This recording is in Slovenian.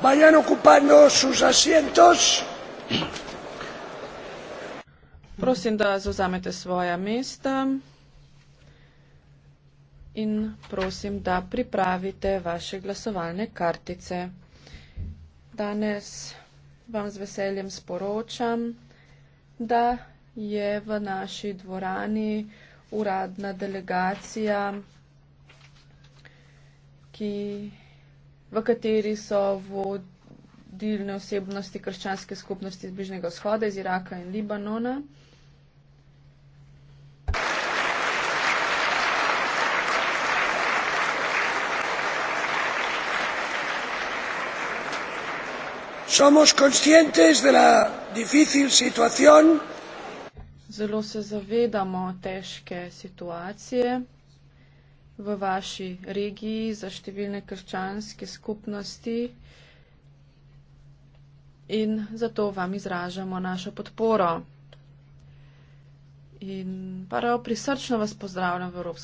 Vayan ocupando sus asientos. Prosim, da zauzamete svoja mesta in prosim, da pripravite vaše glasovalne kartice. Danes vam z veseljem sporočam, da je v naši dvorani uradna delegacija, ki v kateri so vodilne osebnosti krščanske skupnosti iz Bližnjega vzhoda, iz Iraka in Libanona. Somos conscientes de la difícil situación. Zelo se zavedamo težke situacije v vaši regiji, za številne krščanske skupnosti in zato vam izražamo našo podporo. In prav prisrčno vas pozdravljam v Evropski.